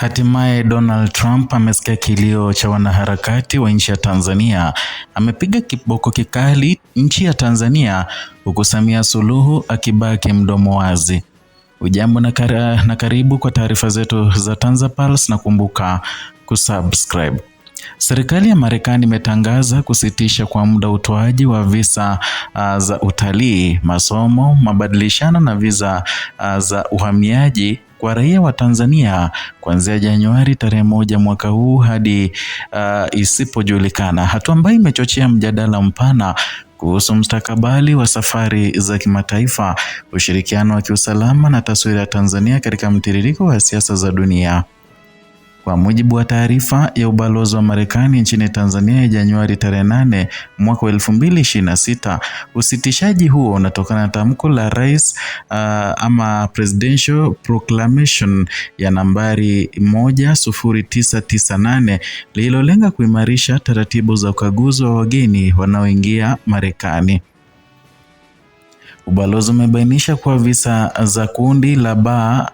Hatimaye Donald Trump amesikia kilio cha wanaharakati wa nchi ya Tanzania, amepiga kiboko kikali nchi ya Tanzania, huku Samia Suluhu akibaki mdomo wazi. Ujambo na, kar na karibu kwa taarifa zetu za TanzaPulse na kumbuka kusubscribe. Serikali ya Marekani imetangaza kusitisha kwa muda utoaji wa visa uh, za utalii, masomo, mabadilishano na visa uh, za uhamiaji kwa raia wa Tanzania kuanzia Januari tarehe moja mwaka huu hadi uh, isipojulikana, hatua ambayo imechochea mjadala mpana kuhusu mstakabali wa safari za kimataifa, ushirikiano wa kiusalama na taswira ya Tanzania katika mtiririko wa siasa za dunia. Kwa mujibu wa taarifa ya ubalozi wa Marekani nchini Tanzania ya Januari tarehe nane mwaka sita, usitishaji huo unatokana na tamko la rais uh, ama presidential proclamation ya nambari nane lililolenga kuimarisha taratibu za ukaguzi wa wageni wanaoingia Marekani. Ubalozi umebainisha kuwa visa za kundi la baa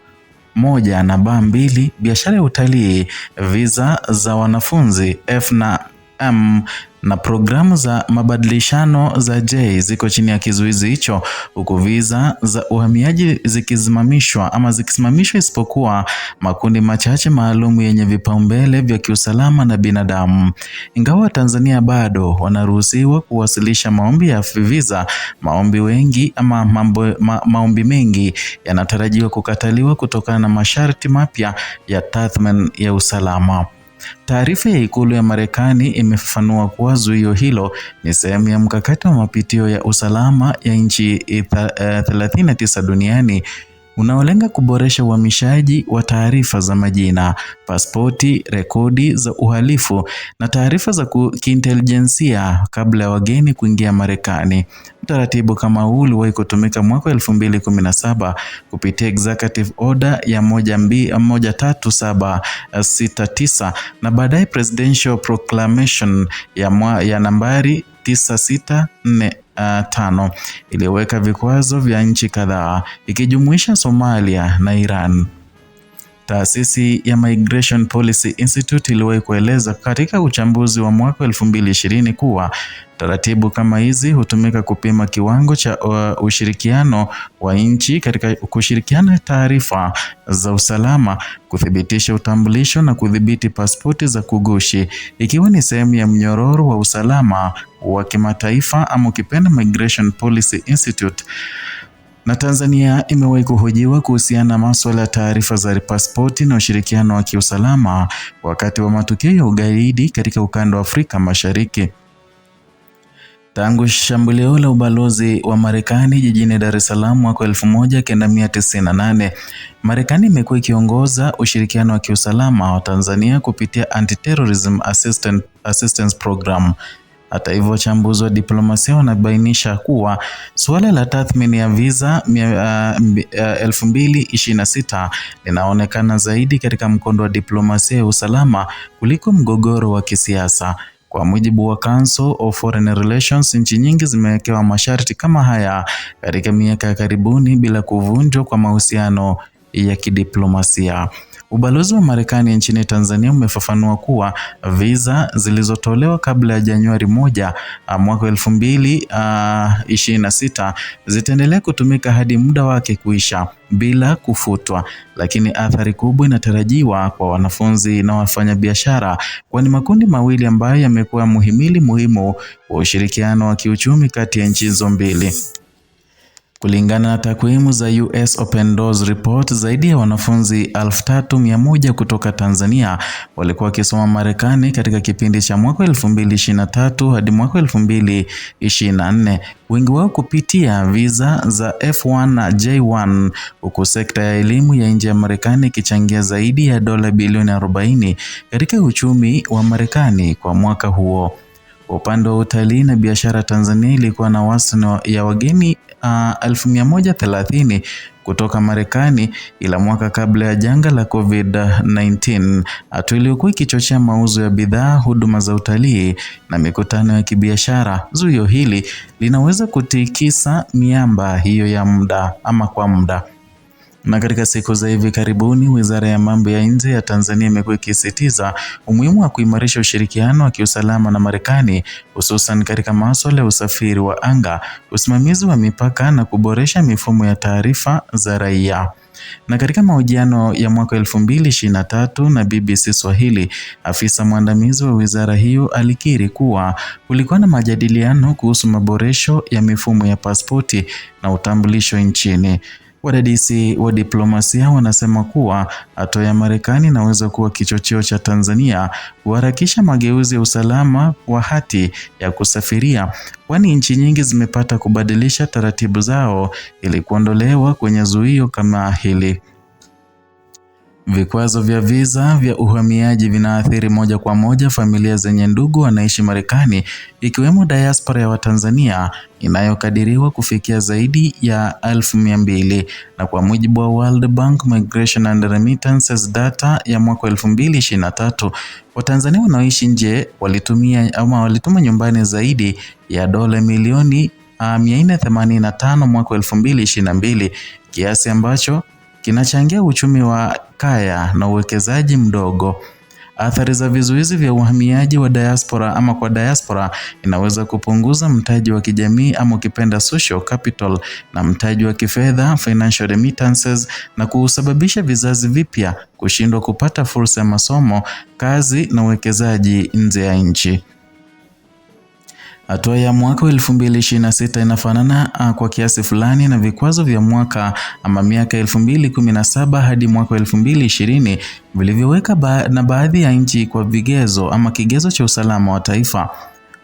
moja na baa mbili, biashara ya utalii, visa za wanafunzi F na M na programu za mabadilishano za J ziko chini ya kizuizi hicho, huku visa za uhamiaji zikisimamishwa ama zikisimamishwa isipokuwa makundi machache maalum yenye vipaumbele vya kiusalama na binadamu. Ingawa Tanzania bado wanaruhusiwa kuwasilisha maombi ya visa, maombi wengi ama mambo, ma, maombi mengi yanatarajiwa kukataliwa kutokana na masharti mapya ya tathmini ya usalama. Taarifa ya ikulu ya Marekani imefafanua kuwa zuio hilo ni sehemu ya mkakati wa mapitio ya usalama ya nchi 39 eh, eh, duniani unaolenga kuboresha uhamishaji wa taarifa za majina, pasipoti, rekodi za uhalifu na taarifa za kiintelijensia kabla ya wageni kuingia Marekani. Utaratibu kama huu uliwahi kutumika mwaka 2017 kupitia executive order ya 13769 na baadaye presidential proclamation ya, mwa, ya nambari 964 tano iliyoweka vikwazo vya nchi kadhaa ikijumuisha Somalia na Iran. Taasisi ya Migration Policy Institute iliwahi kueleza katika uchambuzi wa mwaka 2020 kuwa taratibu kama hizi hutumika kupima kiwango cha uh, ushirikiano wa nchi katika kushirikiana taarifa za usalama, kuthibitisha utambulisho na kudhibiti pasipoti za kugushi, ikiwa ni sehemu ya mnyororo wa usalama wa kimataifa ama ukipenda Migration Policy Institute na Tanzania imewahi kuhojiwa kuhusiana na masuala ya taarifa za pasipoti na ushirikiano wa kiusalama wakati wa matukio ya ugaidi katika ukanda wa Afrika Mashariki. Tangu shambulio la ubalozi wa Marekani jijini Dar es Salaam mwaka 1998, Marekani imekuwa ikiongoza ushirikiano wa kiusalama wa Tanzania kupitia Anti-Terrorism Assistance, Assistance Program hata hivyo wachambuzi wa diplomasia wanabainisha kuwa suala la tathmini ya visa 2026 uh, uh, linaonekana zaidi katika mkondo wa diplomasia ya usalama kuliko mgogoro wa kisiasa. Kwa mujibu wa Council of Foreign Relations, nchi nyingi zimewekewa masharti kama haya katika miaka ya karibuni bila kuvunjwa kwa mahusiano ya kidiplomasia. Ubalozi wa Marekani nchini Tanzania umefafanua kuwa visa zilizotolewa kabla ya Januari moja ah, mwaka elfu mbili ah, ishirini na sita zitaendelea kutumika hadi muda wake kuisha bila kufutwa, lakini athari kubwa inatarajiwa kwa wanafunzi na wafanyabiashara, kwani makundi mawili ambayo yamekuwa muhimili muhimu wa ushirikiano wa kiuchumi kati ya nchi hizo mbili. Kulingana na takwimu za US Open Doors Report, zaidi ya wanafunzi 3100 kutoka Tanzania walikuwa wakisoma Marekani katika kipindi cha mwaka 2023 hadi mwaka 2024, wengi wao kupitia visa za F1 na J1, huku sekta ya elimu ya nje ya Marekani ikichangia zaidi ya dola bilioni 40 katika uchumi wa Marekani kwa mwaka huo. Kwa upande wa utalii na biashara, Tanzania ilikuwa na wastani ya wageni uh, 130,000 kutoka Marekani, ila mwaka kabla ya janga la COVID-19, hatu iliyokuwa ikichochea mauzo ya bidhaa, huduma za utalii na mikutano ya kibiashara. Zuio hili linaweza kutikisa miamba hiyo ya muda ama kwa muda. Na katika siku za hivi karibuni, Wizara ya Mambo ya Nje ya Tanzania imekuwa ikisisitiza umuhimu wa kuimarisha ushirikiano wa kiusalama na Marekani, hususan katika masuala ya usafiri wa anga, usimamizi wa mipaka na kuboresha mifumo ya taarifa za raia. Na katika mahojiano ya mwaka 2023 na BBC Swahili, afisa mwandamizi wa wizara hiyo alikiri kuwa kulikuwa na majadiliano kuhusu maboresho ya mifumo ya pasipoti na utambulisho nchini. Wadadisi wa diplomasia wanasema kuwa hatua ya Marekani inaweza kuwa kichocheo cha Tanzania kuharakisha mageuzi ya usalama wa hati ya kusafiria, kwani nchi nyingi zimepata kubadilisha taratibu zao ili kuondolewa kwenye zuio kama hili. Vikwazo vya visa vya uhamiaji vinaathiri moja kwa moja familia zenye ndugu wanaishi Marekani, ikiwemo diaspora ya Watanzania inayokadiriwa kufikia zaidi ya elfu mia mbili na kwa mujibu wa World Bank Migration and Remittances data ya mwaka 2023 Watanzania wanaoishi nje walitumia ama walituma nyumbani zaidi ya dola milioni 485 ah, mwaka 2022 kiasi ambacho kinachangia uchumi wa kaya na uwekezaji mdogo. Athari za vizuizi vya uhamiaji wa diaspora ama kwa diaspora inaweza kupunguza mtaji wa kijamii ama ukipenda social capital na mtaji wa kifedha financial remittances, na kusababisha vizazi vipya kushindwa kupata fursa ya masomo, kazi na uwekezaji nje ya nchi. Hatua ya mwaka wa 2026 inafanana ah, kwa kiasi fulani na vikwazo vya mwaka ama miaka 2017 hadi mwaka wa 2020 vilivyoweka ba na baadhi ya nchi kwa vigezo ama kigezo cha usalama wa taifa.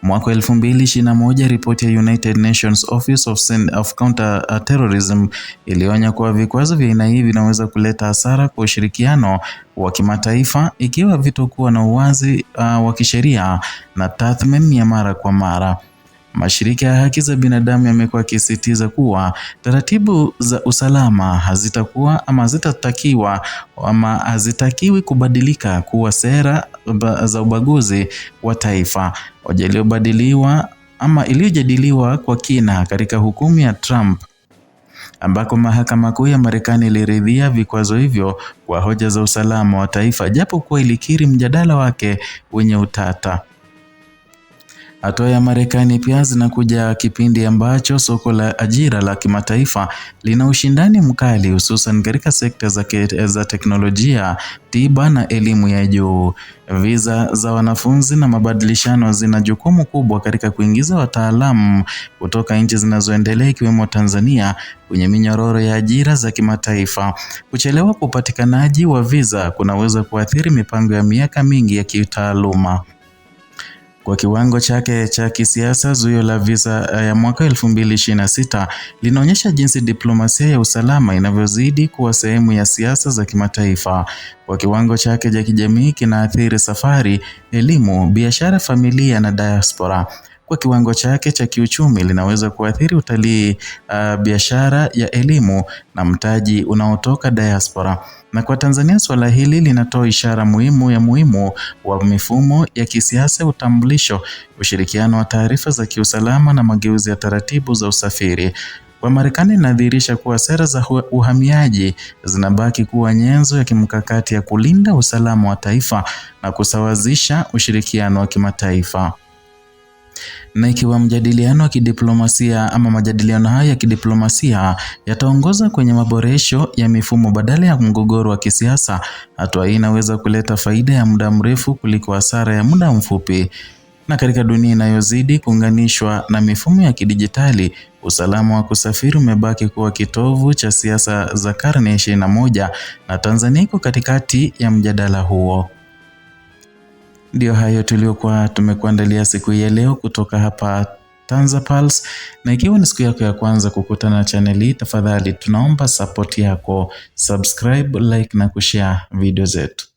Mwaka 2021 ripoti ya United Nations Office of, of Counter uh, Terrorism ilionya kuwa vikwazo vya aina hii vinaweza kuleta hasara kwa ushirikiano wa kimataifa ikiwa vitokuwa na uwazi uh, wa kisheria na tathmini ya mara kwa mara. Mashirika ya haki za binadamu yamekuwa yakisisitiza kuwa taratibu za usalama hazitakuwa ama hazitatakiwa ama hazitakiwi kubadilika kuwa sera za ubaguzi wa taifa hoja iliyobadiliwa ama iliyojadiliwa kwa kina katika hukumu ya Trump ambako mahakama kuu ya Marekani iliridhia vikwazo hivyo kwa hoja za usalama wa taifa, japo kuwa ilikiri mjadala wake wenye utata. Hatua ya Marekani pia zinakuja kipindi ambacho soko la ajira la kimataifa lina ushindani mkali hususan katika sekta za, za teknolojia, tiba na elimu ya juu. Visa za wanafunzi na mabadilishano zina jukumu kubwa katika kuingiza wataalamu kutoka nchi zinazoendelea ikiwemo Tanzania kwenye minyororo ya ajira za kimataifa. Kuchelewa kwa upatikanaji wa visa kunaweza kuathiri mipango ya miaka mingi ya kitaaluma. Kwa kiwango chake cha kisiasa, zuio la visa eh, ya mwaka 2026 linaonyesha jinsi diplomasia ya usalama inavyozidi kuwa sehemu ya siasa za kimataifa. Kwa kiwango chake cha kijamii, kinaathiri safari, elimu, biashara, familia na diaspora kwa kiwango chake cha kiuchumi linaweza kuathiri utalii, uh, biashara ya elimu na mtaji unaotoka diaspora. Na kwa Tanzania suala hili linatoa ishara muhimu ya muhimu wa mifumo ya kisiasa, utambulisho, ushirikiano wa taarifa za kiusalama na mageuzi ya taratibu za usafiri. Kwa Marekani inadhihirisha kuwa sera za uhamiaji zinabaki kuwa nyenzo ya kimkakati ya kulinda usalama wa taifa na kusawazisha ushirikiano wa kimataifa na ikiwa mjadiliano wa kidiplomasia ama majadiliano haya ya kidiplomasia yataongoza kwenye maboresho ya mifumo badala ya mgogoro wa kisiasa, hatua hii inaweza kuleta faida ya muda mrefu kuliko hasara ya muda mfupi. Na katika dunia inayozidi kuunganishwa na mifumo ya kidijitali, usalama wa kusafiri umebaki kuwa kitovu cha siasa za karne ya 21 na Tanzania iko katikati ya mjadala huo. Ndiyo hayo tuliokuwa tumekuandalia siku ya leo kutoka hapa Pulse. na ikiwa ni siku yako ya kwanza kukutana na channel hii, tafadhali tunaomba sapoti yako, subscribe, like na kushare video zetu.